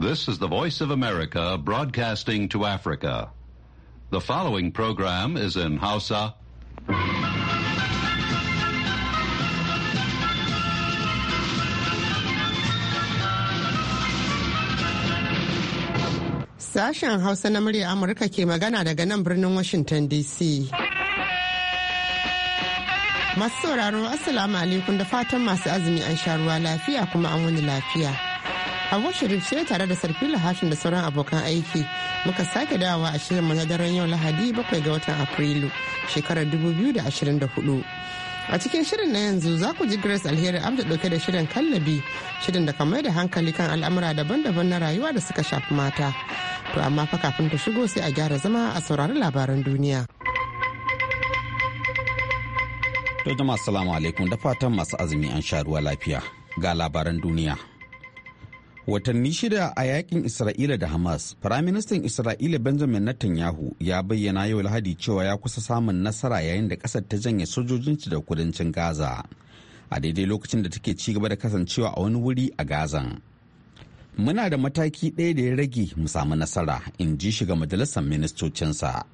This is the Voice of America broadcasting to Africa. The following program is in Hausa. Sashen Hausa na murya Amurka ke magana daga nan birnin Washington DC. Masu sauraro, Assalamu alaikum da fatan masu azumi an sha ruwa lafiya kuma an wani lafiya. abu Sharif ce tare da Sarfila lahashin da sauran abokan aiki muka sake dawowa a shirin na daren yau Lahadi bakwai ga watan Afrilu shekarar 2024. A cikin shirin na yanzu za ku ji Grace Alheri Abda dauke da shirin kallabi shirin da kamar da hankali kan al'amura daban-daban na rayuwa da suka shafi mata. To amma fa kafin ta shigo sai a gyara zama a saurari labaran duniya. To jama'a salamu alaikum da fatan masu azumi an sha ruwa lafiya ga labaran duniya. watanni shida a yakin isra'ila da hamas firaministan isra'ila benjamin netanyahu ya bayyana yau lahadi cewa ya kusa samun nasara yayin da ƙasar ta janye sojojinta da kudancin gaza a daidai lokacin da take ci gaba da kasancewa a wani wuri a gazan muna da mataki ɗaya da ya rage mu samu nasara in ji shiga majalisar ministocinsa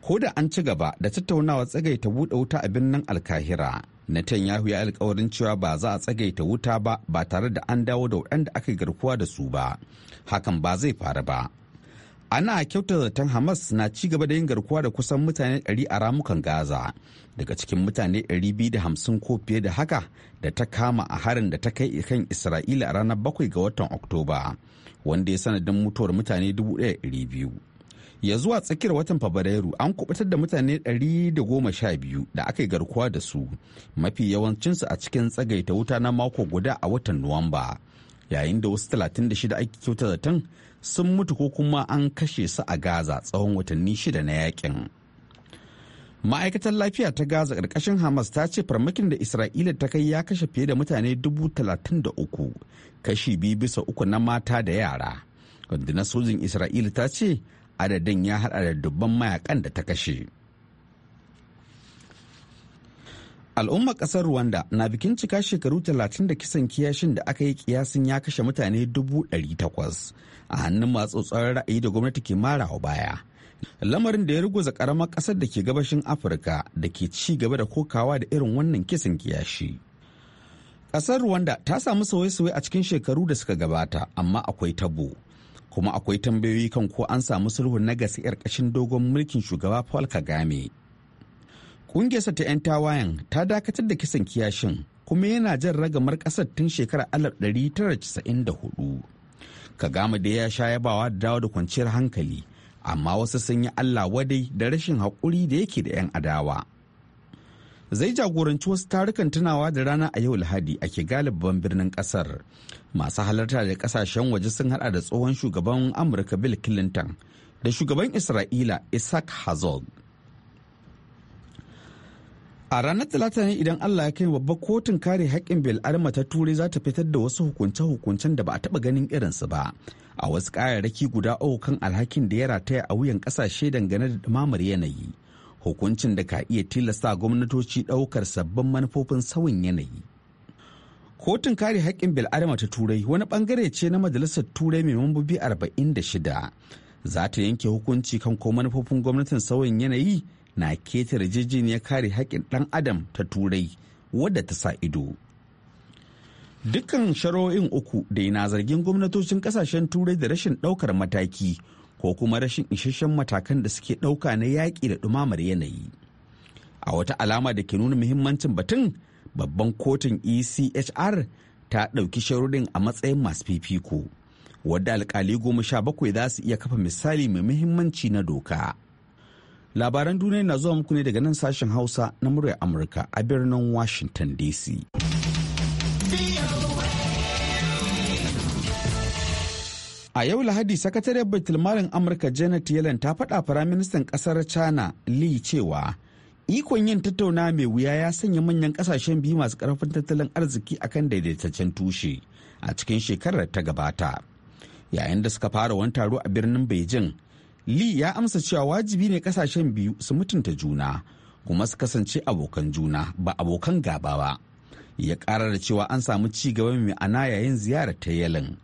ko da an ci gaba da tattaunawa tsagaita buɗe wuta a birnin alkahira Netanyahu ya alkawarin cewa ba za a tsagaita wuta ba ba tare da an dawo da waɗanda aka garkuwa da su ba. Hakan ba zai faru ba. Ana kyautar zaton Hamas na ci gaba da yin garkuwa da kusan mutane 100 a ramukan Gaza, daga cikin mutane 250 ko fiye da haka da ta kama a harin da ta kai kan Isra'ila a ranar 7 ga watan Oktoba, wanda ya sanadin mutuwar mutane 1,200. ya zuwa tsakiyar watan fabrairu an kubutar da mutane 112 da aka yi garkuwa da su mafi yawancinsu a cikin tsagaita wuta na mako guda a watan nuwamba yayin da wasu 36 ake kyauta zaton sun mutu ko kuma an kashe su a gaza tsawon watanni shida na yakin ma'aikatar lafiya ta gaza ƙarƙashin hamas ta ce farmakin da isra'ila ta kai ya kashe fiye da mutane dubu talatin da uku kashi biyu bisa uku na mata da yara rundunar sojin isra'ila ta ce adadin ya hada da dubban mayakan da ta kashe al'ummar kasar rwanda na bikin cika shekaru talatin da kisan kiyashin da aka yi kiyasin ya kashe mutane dubu takwas a hannun masu tsoron ra'ayi da gwamnati ke mara wa baya lamarin da ya ruguza karamar kasar da ke gabashin afirka da ke ci gaba da kokawa da irin wannan kisan kiyashi kasar rwanda ta samu sauye-sauye a cikin shekaru da suka gabata amma akwai tabo kuma akwai tambayoyi kan ko an samu sulhun na gasi ƙarƙashin dogon mulkin shugaba paul kagame ƙungiyarsa ta 'yan tawayen ta dakatar da kisan kiyashin kuma yana jan ragamar ƙasar tun shekarar 1994 kagame da ya sha yabawa da dawo da kwanciyar hankali amma wasu sun yi allah wadai da rashin haƙuri da yake da 'yan adawa zai jagoranci wasu tarukan tunawa da rana a yau Lahadi a Kigali babban birnin kasar. Masu halarta da kasashen waje sun hada da tsohon shugaban Amurka Bill Clinton da shugaban Isra'ila Isaac Herzog. A ranar Talata ne idan Allah ya kai babbar kotun kare haƙƙin bil'adama ta Turai za ta fitar da wasu hukunce-hukuncen da ba a taɓa ganin irinsu ba. A wasu raki guda uku kan alhakin da ya rataya a wuyan ƙasashe dangane da ɗumamar yanayi. hukuncin da ka iya tilasta gwamnatoci ɗaukar sabbin manufofin sauyin yanayi. Kotun kare haƙƙin bil'adama ta Turai wani ɓangare ce na Majalisar Turai mai mambobi 46 za ta yanke hukunci kan ko manufofin gwamnatin sauyin yanayi na keta yarjejeniyar kare haƙƙin ɗan adam ta Turai wadda ta sa ido. Dukkan sharo'in uku da na zargin gwamnatocin ƙasashen Turai da rashin ɗaukar mataki ko kuma rashin isasshen matakan da suke ɗauka na yaƙi da ɗumamar yanayi a wata alama da ke nuna muhimmancin batun babban kotun echr ta ɗauki sharuɗin a matsayin masu fifiko wadda alkali goma sha bakwai za su iya kafa misali mai muhimmanci na doka labaran duniya na zuwa muku ne daga nan sashen hausa na muryar amurka a birnin washington dc A yau Lahadi sakatariyar Baitulmalin Amurka Janet Yellen ta faɗa firaministan ƙasar China Li cewa ikon yin tattauna mai wuya ya sanya manyan ƙasashen biyu masu ƙarfin tattalin arziki akan daidaitaccen tushe a cikin shekarar ta gabata. Yayin da suka fara wani taro a birnin Beijing, Li ya amsa cewa wajibi ne ƙasashen biyu su mutunta juna kuma su kasance abokan juna ba abokan gaba ba. Ya ƙara da cewa an samu ci gaba mai ana yayin ziyarar ta Yellen.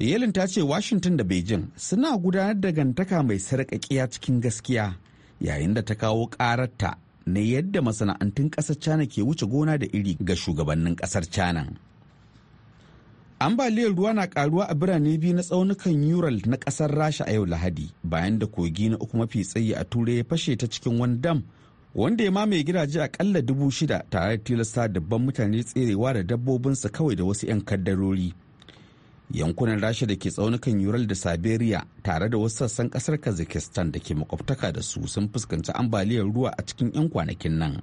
Yelin ta ce Washington da Beijing suna gudanar da gantaka mai sarƙaƙiya cikin gaskiya yayin da ta kawo ƙararta na yadda masana'antun ƙasar China ke wuce gona da iri ga shugabannin ƙasar China. Ambaliyar ruwa na karuwa a birane biyu na tsaunukan Ural na ƙasar Rasha a yau Lahadi bayan da kogi na uku mafi tsayi a Turai ya fashe ta cikin wani dam wanda ya mamaye gidaje akalla dubu shida tare da tilasta dabban mutane tserewa da dabbobinsa kawai da wasu 'yan kaddarori. yankunan rasha da ke tsaunukan ural da siberia tare da wasu sassan kasar kazakhstan da ke makwabtaka da su sun fuskanci ambaliyar ruwa a cikin 'yan kwanakin nan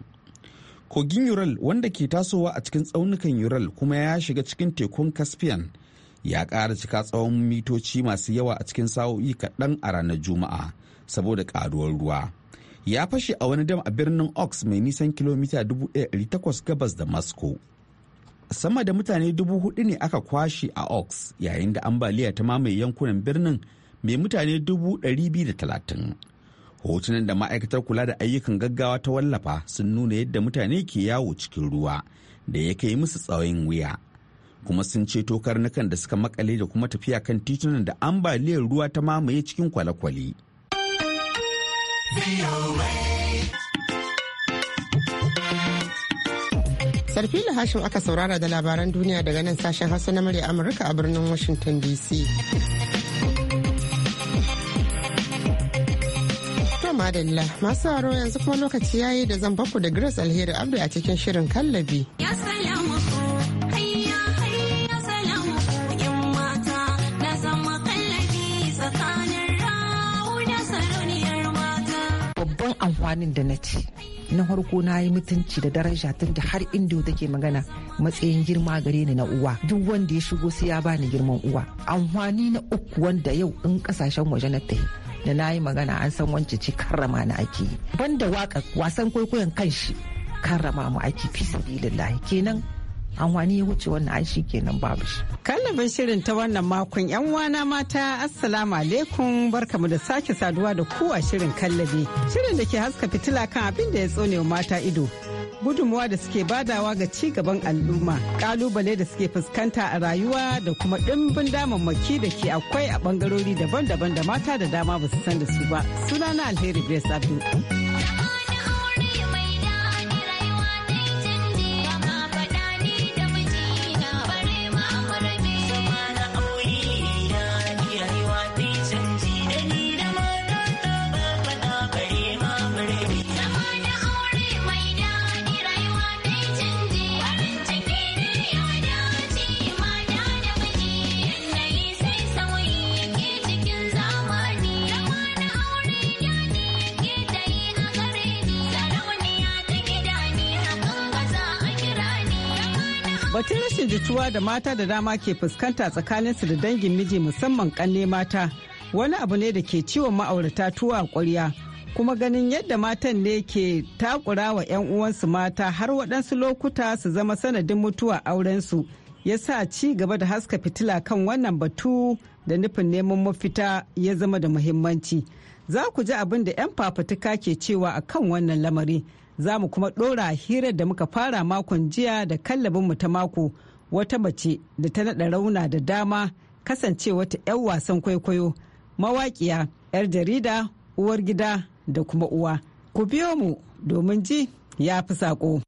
kogin ural wanda ke tasowa a cikin tsaunukan ural kuma ya shiga cikin tekun caspian ya ƙara cika tsawon mitoci masu yawa a cikin sa'o'i kaɗan a ranar juma'a saboda ƙaruwar ruwa ya fashe a wani dam a birnin ox mai nisan kilomita 1800 gabas da moscow sama da mutane dubu hudu ne aka kwashe a ox yayin da ambaliya ta mamaye yankunan birnin mai mutane dubu biyu da talatin. hotunan da ma'aikatar kula da ayyukan gaggawa ta wallafa sun nuna yadda mutane ke yawo cikin ruwa da ya kai musu tsawon wuya kuma sun ceto karnukan da suka makale da kuma tafiya kan titunan da ambaliyar ruwa ta mamaye cikin kwale-kwale. sarfi hashim aka saurara da labaran duniya daga nan sashen hausa na murya amurka a birnin washington dc madalla masu haro yanzu kuma lokaci yayi da zan baku da grace alheri abdu a cikin shirin kallabi babban amfanin da na ci na farko na yi mutunci da daraja tun da har inda take magana matsayin girma gare ni na uwa duk wanda ya shigo sai ya bani girman uwa amfani na uku wanda yau in kasashen waje na tafi da na yi magana an san wance ci karrama na ake yi banda waka wasan kwaikwayon kanshi karrama mu ake fi sabilillahi kenan an wani ya wuce wannan ai kenan babu shi kallabin shirin ta wannan makon yan wana mata assalamu alaikum barkamu da sake saduwa da kuwa shirin kallabi shirin da ke haska fitila kan abin da ya tsone mata ido gudunmuwa da suke badawa ga ci gaban al'umma kalubale da suke fuskanta a rayuwa da kuma dimbin damammaki da ke akwai a bangarori daban-daban da mata da dama ba su san da su ba sunana alheri grace abdul jituwa da mata da dama ke fuskanta tsakaninsu da dangin miji musamman kanne mata wani abu ne da ke ciwon ma'aurata tuwa a ƙwarya kuma ganin yadda matan ne ke takura wa 'yan uwansu mata har waɗansu lokuta su zama sanadin mutuwa aurensu ya sa ci gaba da haska fitila kan wannan batu da nufin neman mafita ya zama da muhimmanci za ku ji abin da 'yan fafutuka ke cewa a kan wannan lamari za mu kuma ɗora hirar da muka fara makon jiya da kallabinmu ta mako wata mace da ta naɗa rauna da dama kasance wata 'yan wasan kwaikwayo mawaƙiya 'yar jarida uwar gida da kuma uwa ku biyo mu domin ji ya fi saƙo.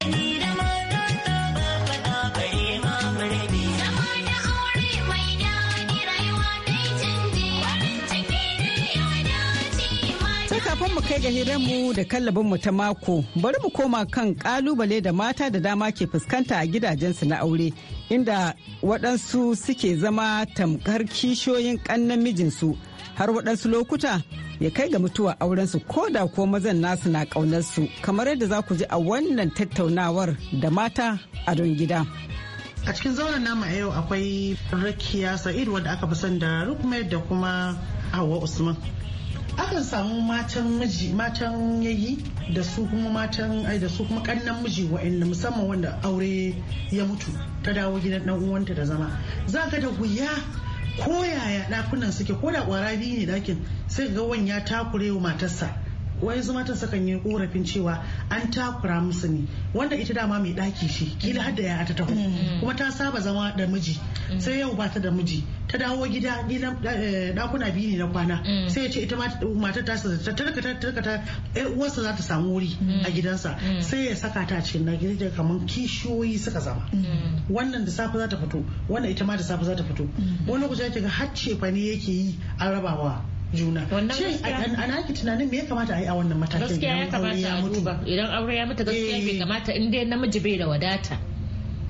kafin mu kai ga mu da mu ta mako bari mu koma kan kalubale da mata da dama ke fuskanta a gidajensu na aure inda waɗansu suke zama tamkar kishiyoyin ƙannan mijinsu har waɗansu lokuta ya kai ga mutuwa aurensu ko da ko mazan nasu na ƙaunarsu kamar yadda za ku ji a wannan tattaunawar da mata a don gida. a cikin zauren nama yau akwai rakiya sa'id wanda aka fi son da rukumayar da kuma hawa usman akan samu matan miji matan yayi da su kuma matan ai da su kuma kannan miji wa'anda musamman wanda aure ya mutu ta dawo gidan dan uwanta da zama za ka da guya ko yaya dakunan suke ko da kwara biyu ne dakin sai ga wani ya takure wa matarsa zuma ta sakan yi korafin cewa an takura musu ne wanda ita dama mai daki shi kila hadda ya ta taho mm. kuma ta saba zama da miji mm. sai yau ba ta da miji ta dawo gida gidan dakuna eh, biyu ne na kwana mm. sai ya ce ita matar ta ta tarkata tarkata yar eh, uwarsa za ta samu wuri a gidansa sai ya saka ta a cikin na gida kamar kishiyoyi suka zama wannan da safe za ta fito wannan ita ma da safe za ta fito wani lokaci ya ga har cefane ne yake yi an rabawa juna shin a naki tunanin me ya kamata a yi a wannan matakin gaskiya ya kamata a duba idan aure ya mutu gaskiya bai eh. kamata in dai namiji bai da wadata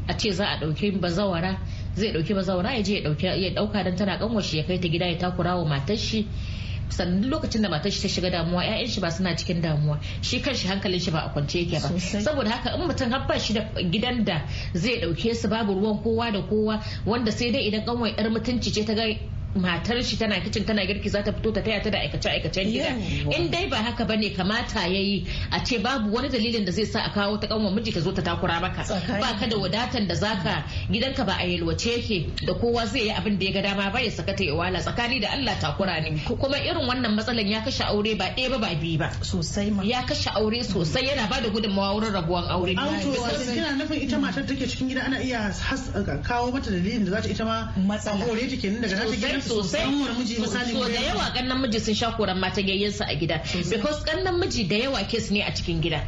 a ce za a ɗauki bazawara zai ɗauki bazawara ya je ya dauki ya ɗauka dan tana kanwashi ya kai ta gida ya takura wa matar shi sannan lokacin da matar shi ta shiga damuwa ƴaƴan shi ba suna cikin damuwa shi kan shi hankalin shi ba a kwance yake ba saboda haka in mutum har shi da gidan da zai dauke su babu ruwan kowa da kowa wanda sai dai idan kanwar yar mutunci ce ta ga matar shi tana kicin tana girki za ta fito ta taya ta da aikace aikacen gida in dai ba haka bane kamata yayi a ce babu wani dalilin da zai sa a kawo ta kanwa miji ta zo ta takura maka ba ka da wadatan da zaka gidanka ba a yalwace yake da kowa zai yi abin da ya ga dama ba ya saka ta wala tsakani da Allah takura ne kuma irin wannan matsalan ya kashe aure ba ɗaya ba ba biyu ba sosai ma ya kashe aure sosai yana ba da gudunmawa wurin rabuwan aure kina nufin ita matar take cikin gida ana iya kawo mata dalilin da za ta ita ma matsala aure take nan daga ta sosai da yawa kannan miji sun sha koran mata gayyansa a gida because kannan miji da yawa kes ne a cikin gida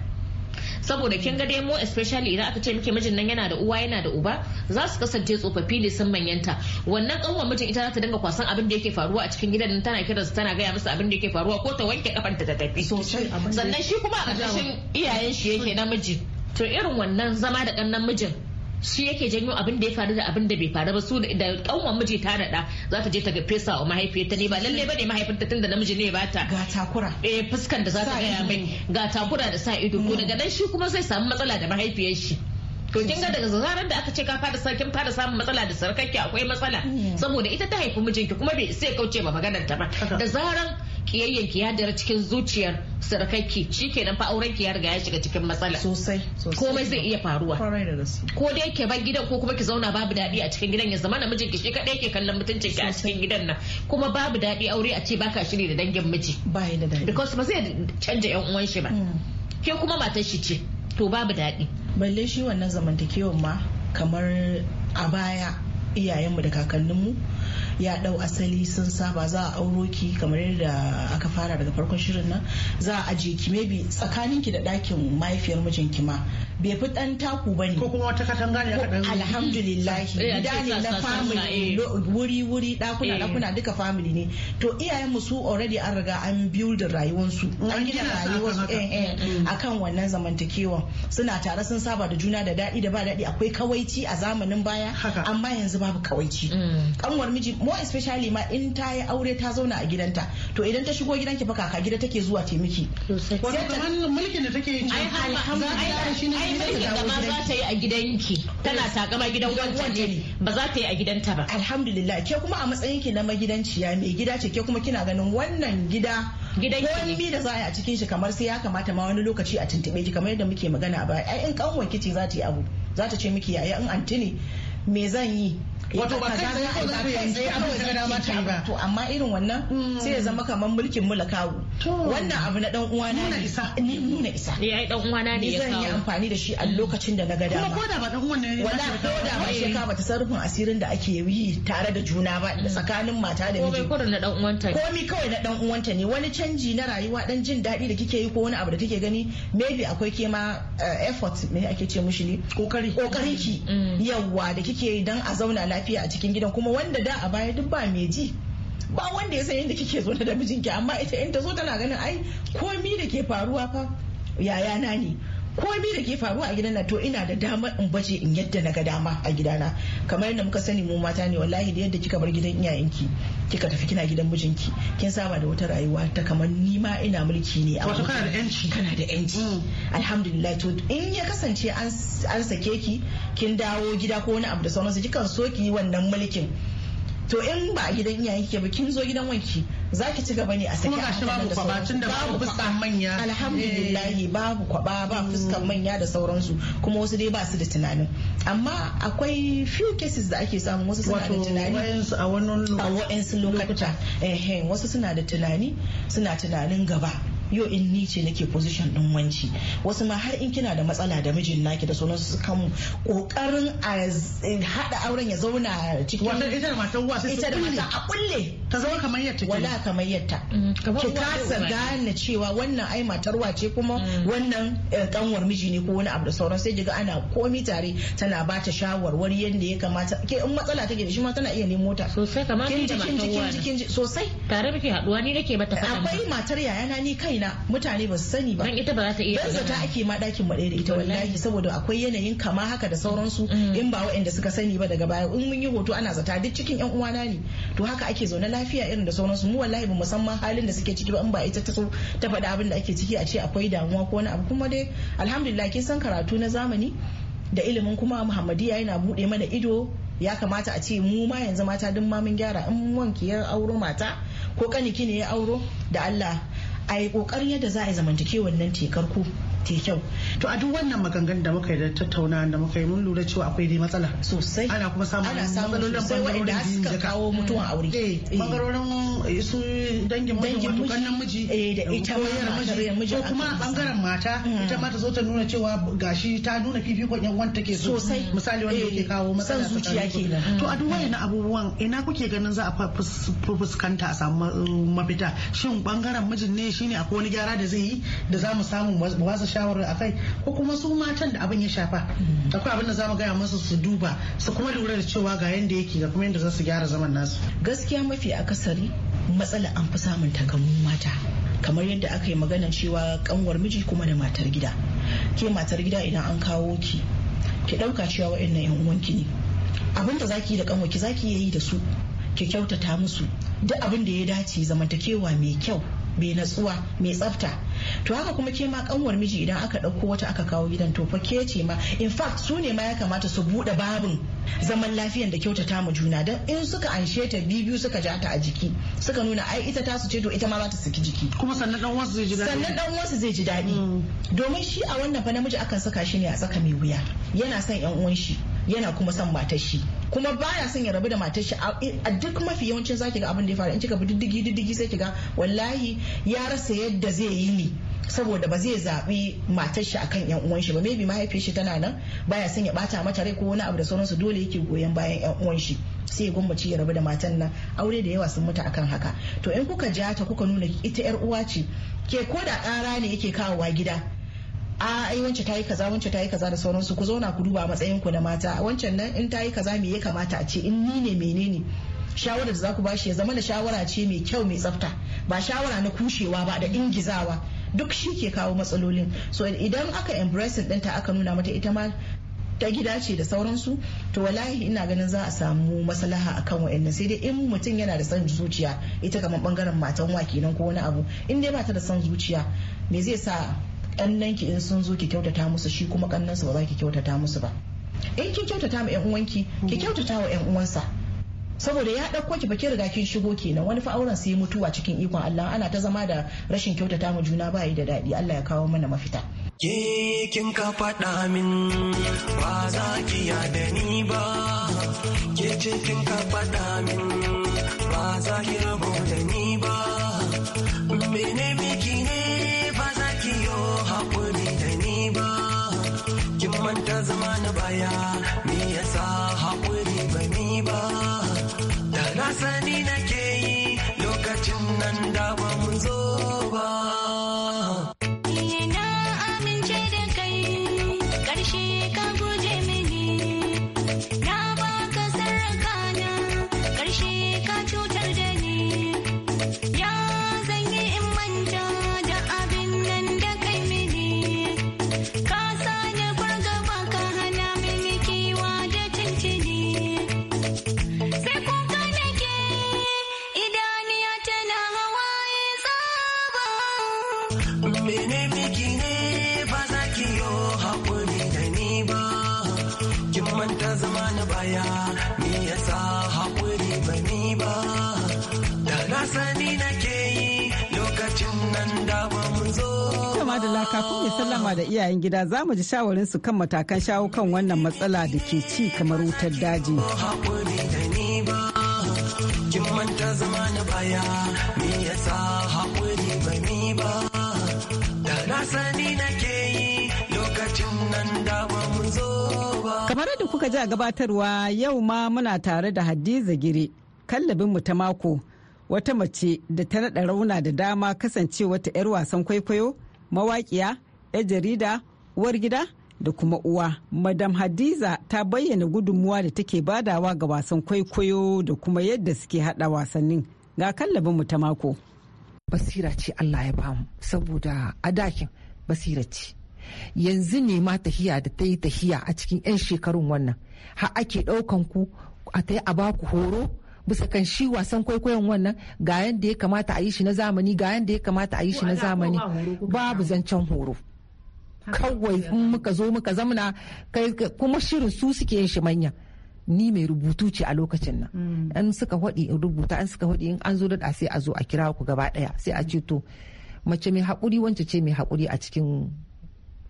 saboda kin ga dai mu especially idan aka ce miki mijin nan yana da uwa yana da uba za su kasance tsofaffi ne sun manyanta wannan kanwa mijin ita za ta dinga kwasan abin da yake faruwa a cikin gidan tana kira su tana gaya musu abin da yake faruwa ko ta wanke kafar ta tafi sannan shi kuma a ƙarƙashin iyayen shi yake namiji to irin wannan zama da kannan mijin Su yake janyo abin da ya faru da abin da bai faru ba su da kanwan miji ta naɗa za ta je ta ga fesa wa mahaifiyarta ne ba lalle ba ne mahaifinta tun da namiji ne ba ta ga takura eh fuskan da za ta gaya mai ga takura da sa ido ko mm. daga nan shi kuma zai samu matsala da mahaifiyar shi to kin ga daga zarar da aka ce ka fara sarkin fara samun matsala da sarkakki akwai matsala mm. saboda ita ta haifi mijinki kuma bai sai kauce ma maganar ta ba da zaran kiyayyen ki ya dara cikin zuciyar shi ke fa auren ki ya riga ya shiga cikin matsala sosai komai zai iya faruwa ko dai ke bar gidan ko kuma ki zauna babu daɗi a cikin gidan ya zama namijin ki shi kadai ke kallon mutuncin ki a cikin gidan nan kuma babu daɗi aure a ce baka shiri da dangin miji ba da daɗi because ba zai canja yan uwan shi ba hmm. ke kuma matar shi ce to babu daɗi balle shi wannan zamantakewan ma kamar a baya iyayenmu da kakanninmu ya ɗau asali sun saba za a auro ki kamar yadda aka fara daga farkon shirin nan za a aje ki maybe tsakanin ki da ɗakin mahaifiyar mijinki ma bai fi dan taku bane ko kuma wata katanga ne kadan alhamdulillah eh, gida na family eh. wuri wuri dakuna dakuna eh. duka family ne to iyayen mu su already an riga an build rayuwar su an gina rayuwar su eh eh mm. akan wannan zamantakewa suna tare sun saba da juna da dadi da ba dadi akwai kawaici a zamanin baya amma yanzu babu kawaici kanwar mm. miji mo especially ma in ta yi aure ta zauna a gidanta to idan ta shigo gidanki fa kaka gida take zuwa taimaki. Wata mulkin da take yi. Ai yi mulkin da za ta yi a gidanki tana takama gidan wancan ne ba za ta yi a gidanta ba alhamdulillah ke kuma a matsayin ki na magidanciya mai gida ce ke kuma kina ganin wannan gida gidan ki da za a yi a cikin shi kamar sai ya kamata ma wani lokaci a tuntube ki kamar yadda muke magana ba ai in kanwar kici za ta yi abu za ta ce miki yaya in antini me zan yi wato ba kai sai ko za sai yanke abin da mata ta ba to amma irin wannan mm. sai ya zama kamar mulkin mulakawu wannan abu na dan uwa na ne isa ni nuna isa eh ai dan uwa na ne ya kawo zan yi amfani da shi a mm. lokacin da na ga dama kuma koda ba dan uwan ne wala koda ba shi ka bata sarrafin asirin da ake yi tare da juna ba mm. tsakanin mata da miji komai na dan uwanta ne mi kawai na dan uwanta ne wani canji na rayuwa dan jin daɗi da kike yi ko wani abu da kike gani maybe akwai ke ma eh, effort me ake ce mushi ne kokari kokarin ki yawa da kike yi dan a zauna lafiya lafiya a cikin gidan kuma wanda da a baya duk ba mai ji ba wanda ya san yadda kike zo da mijinki amma ita in ta zo tana ganin ai komi da ke faruwa fa yayana ne komai da ke faruwa a gidan na to ina da damar in baje in yadda na ga dama a gidana kamar yadda muka sani mu mata ne wallahi da yadda kika bar gidan iyayenki kika tafi kina gidan mijinki kin saba da wata rayuwa ta kamar ni ma ina mulki ne wato kana da yanci kana da yanci mm. alhamdulillah to in ya kasance an sake ki kin dawo gida ko wani abu da sauransu kikan so ki yi wannan mulkin to in ba a gidan iyayenki ba kin zo gidan wanki za ki ci gaba ne a sake kuma gashi babu kwaba tun da babu fuskan manya alhamdulillahi eh. babu kwaba ba mm. fuskan manya da sauransu kuma wasu dai ba su da tunanin amma akwai few cases da ake samu wasu suna da tunani Wato a wa'ansu lokuta wasu suna da tunani suna tunanin gaba yo in ni ce nake position din wanci wasu ma har in kina da matsala da mijin naki da sunansu su kan kokarin a hada auren ya zauna cikin wanda ita da matan uwa sai ita da matan a kulle ta zama kamar yatta wala kamar yatta mm, ki kasa gane cewa wannan ai matar wace kuma mm. wannan kanwar eh, miji ne ko wani abu da sauran sai kiga ana komi tare tana ba ta shawarwari yadda ya kamata ke in matsala take da shi ma tana iya nemo ta sosai kamar ni da matan uwa sosai tare muke haduwa ni nake mata akwai matar yayana ni kai ina mutane ba su sani ba dan zata ake ma dakin mu da ita wallahi saboda akwai yanayin kama haka da sauransu mm. in ba waɗanda suka sani ba daga baya in mun yi hoto ana zata duk cikin yan uwana ne to haka ake zaune lafiya irin da sauransu mu wallahi ba musamman halin da suke ciki ba in ba ita ta so ta faɗi abin da ake ciki a ce akwai damuwa ko wani abu kuma dai alhamdulillah kin san karatu na zamani da ilimin kuma muhammadiya yana buɗe mana ido ya kamata a ce mu ma yanzu mata duk ma mun gyara in wanki ya auro mata ko kaniki ne ya auro da Allah a yi kokari yadda za a yi zamantakewar wannan tekarku ta yi kyau to a duk wannan maganganun da muka yi da tattauna da muka yi mun lura cewa akwai dai matsala sosai ana kuma samun ana samun matsalolin bangarorin suka kawo mutuwa a wuri eh, eh. bangarorin su dangin mutum miji wato kannan miji eh, da ita miji ko kuma bangaren mata hmm. ita ma ta zo ta nuna cewa gashi ta nuna fifikon yan wanda take so sosai misali wanda eh, yake kawo matsala zuciya ke to a hmm. duk wannan abubuwan ina kuke ganin za a fuskanta a samu mafita shin bangaren mijin ne shine akwai wani gyara da zai yi da za mu samu ba su shawarar a kai ko kuma su matan da abin ya shafa mm. akwai abin da za mu gaya masu su duba su kuma lura da cewa ga yanda yake ga kuma yanda za su gyara zaman nasu gaskiya mafi akasari matsala an fi samun takamun mata kamar yadda aka yi magana cewa kanwar miji kuma da matar gida ke matar gida idan an kawo ki ki ɗauka cewa waɗannan yan uwanki ne abin da zaki yi da kanwa ki zaki yi da su ki kyautata musu duk abin da ya dace zamantakewa mai kyau mai natsuwa mai tsafta to haka kuma ke ma kanwar miji idan aka ɗauko wata aka kawo gidan to fa ke ce ma in fact su ne ma ya kamata su buɗe babin zaman lafiyar da kyautata mu juna dan in suka anshe ta biyu suka ja ta a jiki suka nuna ai ita ta su ce to ita ma za ta saki jiki kuma sannan dan wasu zai ji daɗi sannan dan wasu zai ji daɗi hmm. domin shi a wannan fa namiji akan saka shi ne a tsaka mai wuya yana son yan uwan shi yana kuma son matar shi kuma baya son ya rabu da matar shi a duk mafi yawancin zaki ga abin da ya faru in kika bi diddigi diddigi sai kiga wallahi ya rasa yadda zai yi ne saboda ba zai zaɓi matar shi akan yan uwan shi ba maybe mahaifiyar shi tana nan baya son ya bata mata rai ko wani abu da sauransu dole yake goyon bayan yan uwan shi sai ya gwammaci ya rabu da matan nan aure da yawa sun mutu akan haka to in kuka ja ta kuka nuna ita yar uwa ce ke ko da ƙara ne yake kawowa gida a ai wance tayi kaza wance tayi kaza da sauransu ku zauna ku duba matsayin ku na mata wancan nan in tayi kaza me ya kamata a ce in ni ne menene shawarar da za ku bashi ya zama da shawara ce mai kyau mai tsafta ba shawara na kushewa ba da ingizawa duk shi ke kawo matsalolin so idan aka embracing ɗinta aka nuna mata ita ma ta gida ce da sauransu to wallahi ina ganin za a samu maslaha akan wa'annan sai dai in mutum yana da san zuciya ita kamar bangaren matan wa kenan ko wani abu in dai ba ta da son zuciya me zai sa ƙannanki in sun zo ki kyautata musu shi kuma ƙannansa ba za ki kyautata musu ba in ki kyautata ma 'yan uwanki ki mm. kyautata wa 'yan uwansa saboda ya ɗauko ki baki riga kin shigo kenan wani fa auren sai mutuwa cikin ikon Allah ana ta zama da rashin kyautata mu juna ba yi da daɗi Allah ya kawo mana mafita ke kin ka faɗa min ba za ki ya da ni ba ke ce kin ka faɗa min ba za ki rabo da ni ba mene zama na baya al'umma da iyayen gida za mu ji shawarinsu kan matakan shawo kan wannan matsala da ke ci kamar wutar daji. kamar da kuka ji a gabatarwa yau ma muna tare da hadiza gire kallabin mu ta mako wata mace da ta naɗa rauna da dama kasancewa ta 'yar wasan kwaikwayo mawaƙiya 'yar jarida uwar gida da kuma uwa madam hadiza ta bayyana gudunmuwa da take badawa ga wasan kwaikwayo da kuma yadda suke hada wasannin ga kallabin mu ta mako basira ce allah ya bamu saboda adakin basira ce yanzu ne ma tahiya da ta yi tahiya a cikin 'yan shekarun wannan ha ake ɗaukan ku a ta yi a baku horo bisa kan shi wasan kwaikwayon wannan ga yadda ya kamata a yi shi na zamani ga yadda ya kamata a yi shi na zamani babu zancen horo kawai in muka zo muka zamna kuma shirin su suke yin shi manya ni mai rubutu ce a lokacin nan an mm. suka haɗi in rubuta an suka haɗi in an zo daɗa sai a zo a kira ku gaba ɗaya sai a ce to mace mai haƙuri wance ce mai haƙuri a cikin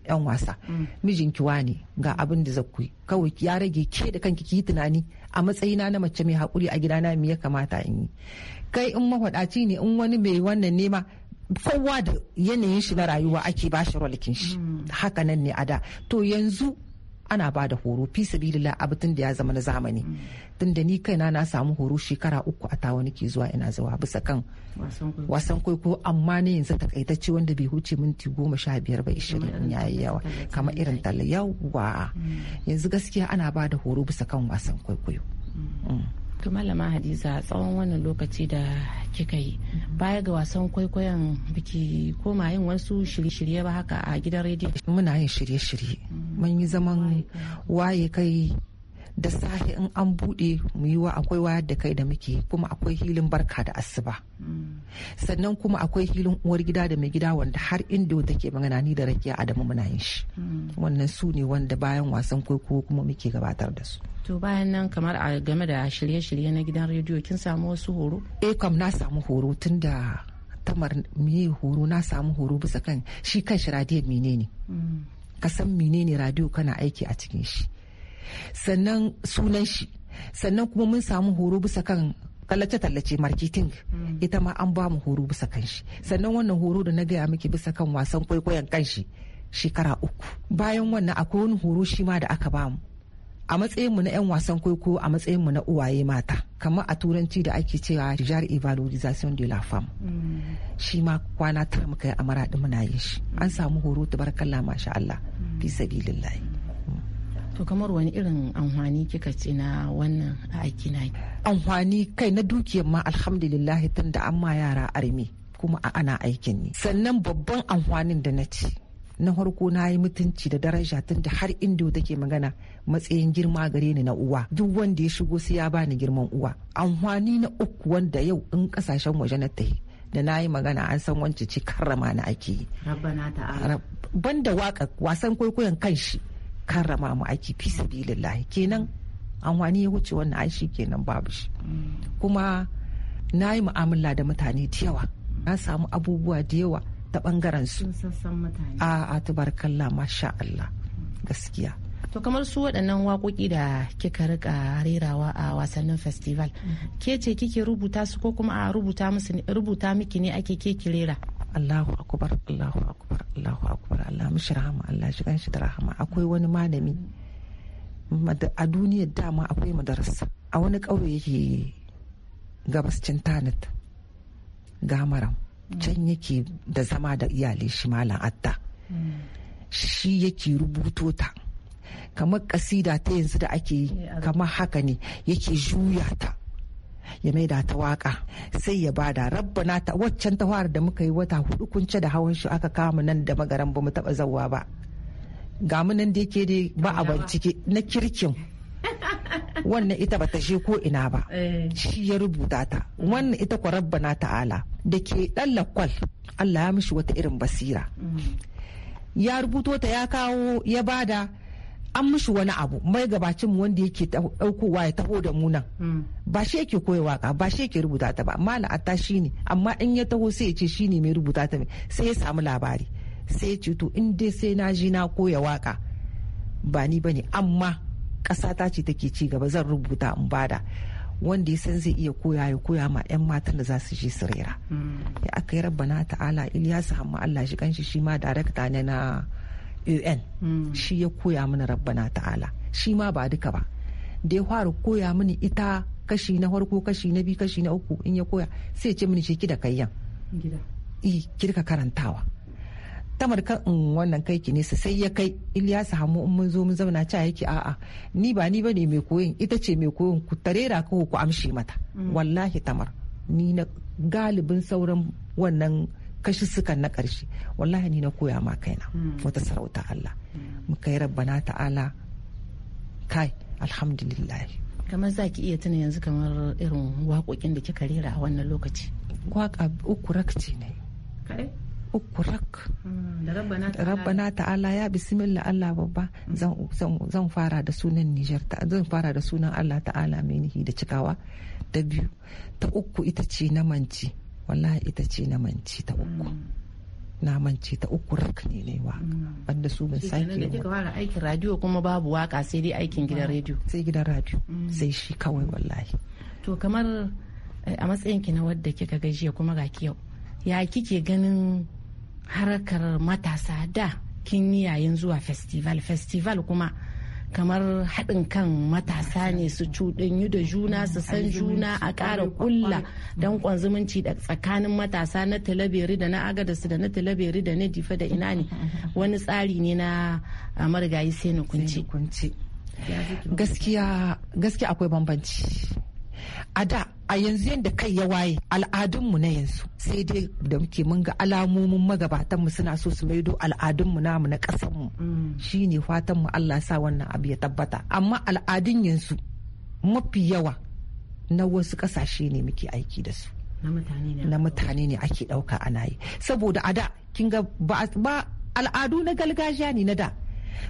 'yan wasa mm. mijinki ne ga abin da zakku kawai ya rage ke da kanki ki tunani a matsayina na mace mai haƙuri a gidana me ya kamata in yi kai in mafaɗaci ne in wani mai wannan nema kowa da yanayin shi na rayuwa ake ba shi rolkin shi mm. haka nan ne a da to yanzu ana ba da horo fi sabilillah abu tun da ya zama na zamani mm. tun da ni kaina na samu horo shekara uku a tawa nake zuwa ina zuwa bisa kan wasan kwaikwayo amma ne yanzu takaitacce wanda bai huce minti goma sha biyar ba ishirin in yi yawa kamar irin talla yawa mm. yanzu gaskiya ana ba da horo bisa kan wasan kwaikwayo to malama hadiza tsawon wannan lokaci da kika yi mhm. baya ga wasan kwaikwayon biki koma yin wasu shirye-shirye ba haka a gidan rediyo muna yin shirye-shirye mm. mun yi zaman waye kai da sahi in an buɗe wa akwai wayar da kai da muke kuma akwai hilin barka da asuba sannan kuma akwai hilin uwar gida da mai gida wanda har inda ke magana ni da rakiya adamu muna yin shi wannan su ne wanda bayan wasan kwaikwayo kuma muke gabatar da su to bayan nan kamar a game da shirye-shirye na gidan rediyo kin samu wasu horo eh kam na samu horo tun da tamar miye horo na samu horo bisa kan shi kan shi radiyon menene mm. ka san menene radiyo kana aiki a cikin shi sannan sunan shi sannan kuma mun samu horo bisa kan tallace-tallace marketing hmm. ita ma an ba mu horo bisa kan shi sannan wannan horo da na gaya miki bisa kan wasan kwaikwayon kan shi shekara uku bayan wannan akwai wani horo shi ma da aka ba mu a matsayin mu na 'yan wasan kwaikwayo a matsayin mu na uwaye mata kamar a turanci da ake cewa jar evaluation de la femme hmm. shi ma kwana tara muka yi a muna yin shi an samu horo tabarkalla masha Allah fi sabilillahi to kamar wani irin amfani kika ce na wannan aiki na amfani kai na dukiyar ma alhamdulillah tun da an ma yara armi kuma a ana aikin ne sannan babban amfanin da na ci na farko na yi mutunci da daraja tunda har inda take magana matsayin girma gare ni na uwa duk wanda ya shigo sai ya bani girman uwa amfani na uku wanda yau in kasashen waje na tahi da na yi magana an san wance ci karrama na ake yi banda waka wasan kwaikwayon kan shi. karrama mu aiki fi sabilillahi kenan an wani ya wuce wannan aishi kenan babu shi kuma na yi mu'amala da mutane da yawa na samu abubuwa da yawa ta bangaren su a a tabarkalla masha Allah gaskiya to kamar su waɗannan waƙoƙi da kika rika rerawa a wasannin festival mhm. ke ce kike rubuta su ko kuma a rubuta miki ne ake ke rera Allahu akubar Allahu akubar Allahu akubar Allah mishi rahama Allah shi ganshi da rahama akwai wani malami a duniyar dama akwai madarasa a wani ƙauye yake gabascin tanit gamaram can yake da zama da iyali shi malam adda shi yake rubuto ta kamar kasida ta yanzu da ake yi eh, kamar haka ne yake juya ta ya maida ta waka sai ya bada rabbana ta waccan ta da muka yi wata hudu kunce da hawan shi aka kama nan da magaran ba mu taba zawa ba ga mu nan da yake dai ba a bincike na kirkin wannan ita ba ta je ko ina ba eh. shi ya rubuta ta wannan ita kwa rabbana ta'ala da ke dan lakwal Allah ya mishi wata irin basira mm. ya rubuto ta ya kawo ya bada an mushi wani abu mai gabacin wanda yake daukowa ya taho da munan hmm. ba shi yake koya waka ba shi yake rubuta ta ba atta ne amma in ya taho sai ya ce shi ne mai rubuta ta sai ya samu labari sai ya ce to in dai sai na ji na koya waka ba ni ne amma ƙasa ta ce take ci gaba zan rubuta in bada wanda ya san zai iya koya ya koya ma 'yan matan da za su ji su rera hmm. ya aka yi na ta'ala ilyasu hamma allah shi kanshi shi ma darakta ne na un mm. shi ya koya mana rabbana ta'ala shi ma ba duka ba da ya fara koya mini ita kashi na farko kashi na biyu kashi na uku in ya koya sai ce mini sheki da kayyan kirka karantawa tamar kan in wannan kai ki nesa sai ya kai Ilyasu Hamu in mun zo mun zauna cewa yake a'a ni ba ni bane mai koyin ita ce mai koyin ku tarera ka ku amshi mata mm. wallahi tamar ni na galibin sauran wannan kashi sukan na ƙarshe wallahi ni na koya ma kaina hmm. wata sarauta Allah hmm. muka yi rabbana ta'ala kai alhamdulillah kamar za ki iya tuna yanzu kamar irin waƙoƙin da kika rera a wannan lokaci waƙa uku rakci ne uku rak hmm, rabbana ta'ala ya bismillah Allah babba zan fara da sunan Nijar zan fara da sunan Allah ta'ala mai nihi da cikawa da biyu ta uku ita ce na manci wallahi ita ce na manci ta uku mm. na manci ta uku rak ne ne wa mm. banda su bin sake da kika fara aikin radio kuma babu waka sai dai aikin gidan radio sai gidan radio mm. sai shi kawai wallahi to kamar eh, a matsayin ki na wadda kika gajiya kuma ga ki yau ya kike ganin harkar matasa da kin yi yayin zuwa festival festival kuma kamar haɗin kan matasa ne su cuɗanyu da juna su san juna a ƙara ƙulla mm. don zumunci da tsakanin matasa na talaberi da na agadasu da na talaberi da na difa da ina ne wani tsari ne na marigayi sai na kunci gaskiya akwai bambanci a da a yanzu yadda kai ya waye al'adunmu na yanzu sai dai da muke mun ga alamomin magabatanmu suna so su maido al'adunmu namu na ƙasanmu mm. shine fatanmu Allah sa wannan abu ya tabbata amma al'adun yanzu mafi yawa na wasu ƙasashe ne muke aiki da su na mutane ne ake ɗauka ana yi saboda a da kin ga ba al'adu na gargajiya ne na da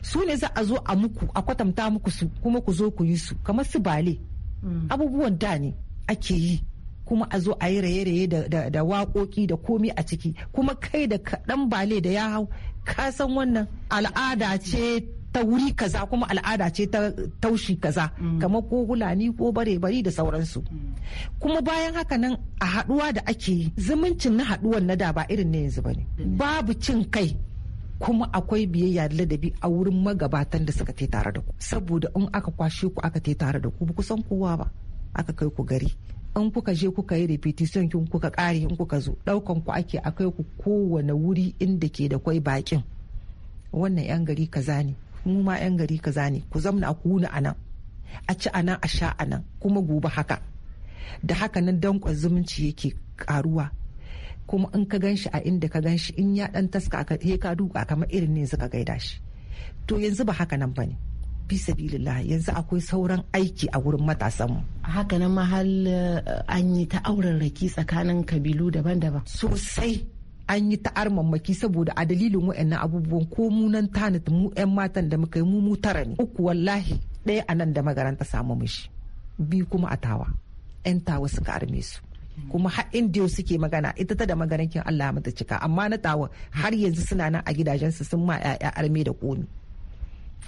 su ne za a zo a muku a kwatanta muku su kuma ku zo ku yi su kamar su bale mm. abubuwan da ne ake yi kuma a zo a yi raye-raye da waƙoƙi da komi a ciki kuma kai da kaɗan bale da ya hau ka san wannan al'ada ce ta wuri kaza kuma al'ada ce ta taushi kaza mm. kamar ko hulani ko bare-bari da sauransu mm. kuma bayan haka nan a haɗuwa da ake yi zumuncin na haɗuwan na da ba irin na yanzu ba ne mm. babu cin kai kuma akwai biyayya da ladabi a wurin magabatan da suka tare da ku saboda in aka kwashe ku aka tare da ku ba kusan kowa ba aka kai ku gari in kuka je kuka yi repetition kin kuka kare in kuka zo daukan ku ake akai ku kowane wuri inda ke da kwai bakin wannan yan gari kaza ne mu ma yan gari kaza ne ku zamna ku wuni anan a ci anan a sha anan kuma gobe haka da haka nan dankon zumunci yake karuwa kuma in ka gan shi a inda ka gan shi in ya dan taska ka ka duka kamar irin ne suka gaida shi to yanzu ba haka nan bane fi sabilillah yanzu akwai sauran aiki a wurin matasan haka hakanan mahal eh, an yi ta auren raki tsakanin kabilu daban-daban sosai an yi ta armammaki saboda a dalilin wa'annan abubuwan ko munan tanit mu 'yan matan da muka yi mu mu tara ne uku wallahi ɗaya a nan da magaranta samu mishi biyu kuma a tawa 'yan tawa suka arme su kuma har indiya suke magana ita ta da magarankin Allah mata cika amma na tawa har yanzu suna nan a gidajensu sun ma 'ya'ya arme da komi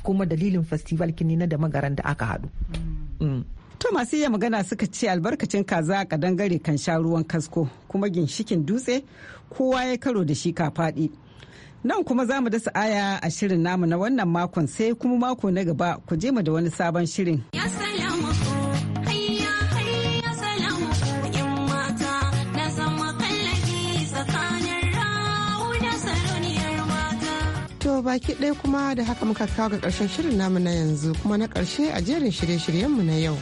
kuma dalilin festival kini na da magaran da aka haɗu. Mm. To masu iya magana suka ce albarkacin kaza a kadangare kan sha ruwan kasko kuma ginshikin dutse kowa ya karo da shi ka faɗi. Nan kuma za mu dasa aya a shirin namu na wannan makon sai kuma mako na gaba ku je mu da wani sabon shirin. baki ɗaya kuma da haka muka kawo ga ƙarshen shirin namu na yanzu kuma na ƙarshe a jerin shirye-shiryenmu na yau.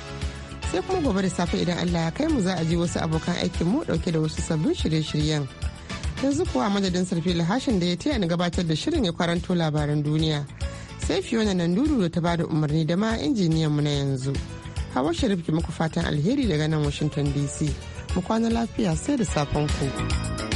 Sai kuma gobe da safe idan Allah ya kai mu za a ji wasu abokan aikin mu ɗauke da wasu sabbin shirye-shiryen. Yanzu kuwa madadin sarfi lahashin da ya taya ni gabatar da shirin ya kwaranto labaran duniya. Sai Fiona Nanduru da ta bada umarni da ma injiniyan mu na yanzu. Hawa Sharif ki muku fatan alheri daga nan Washington DC. Mu kwana lafiya sai da safen ku.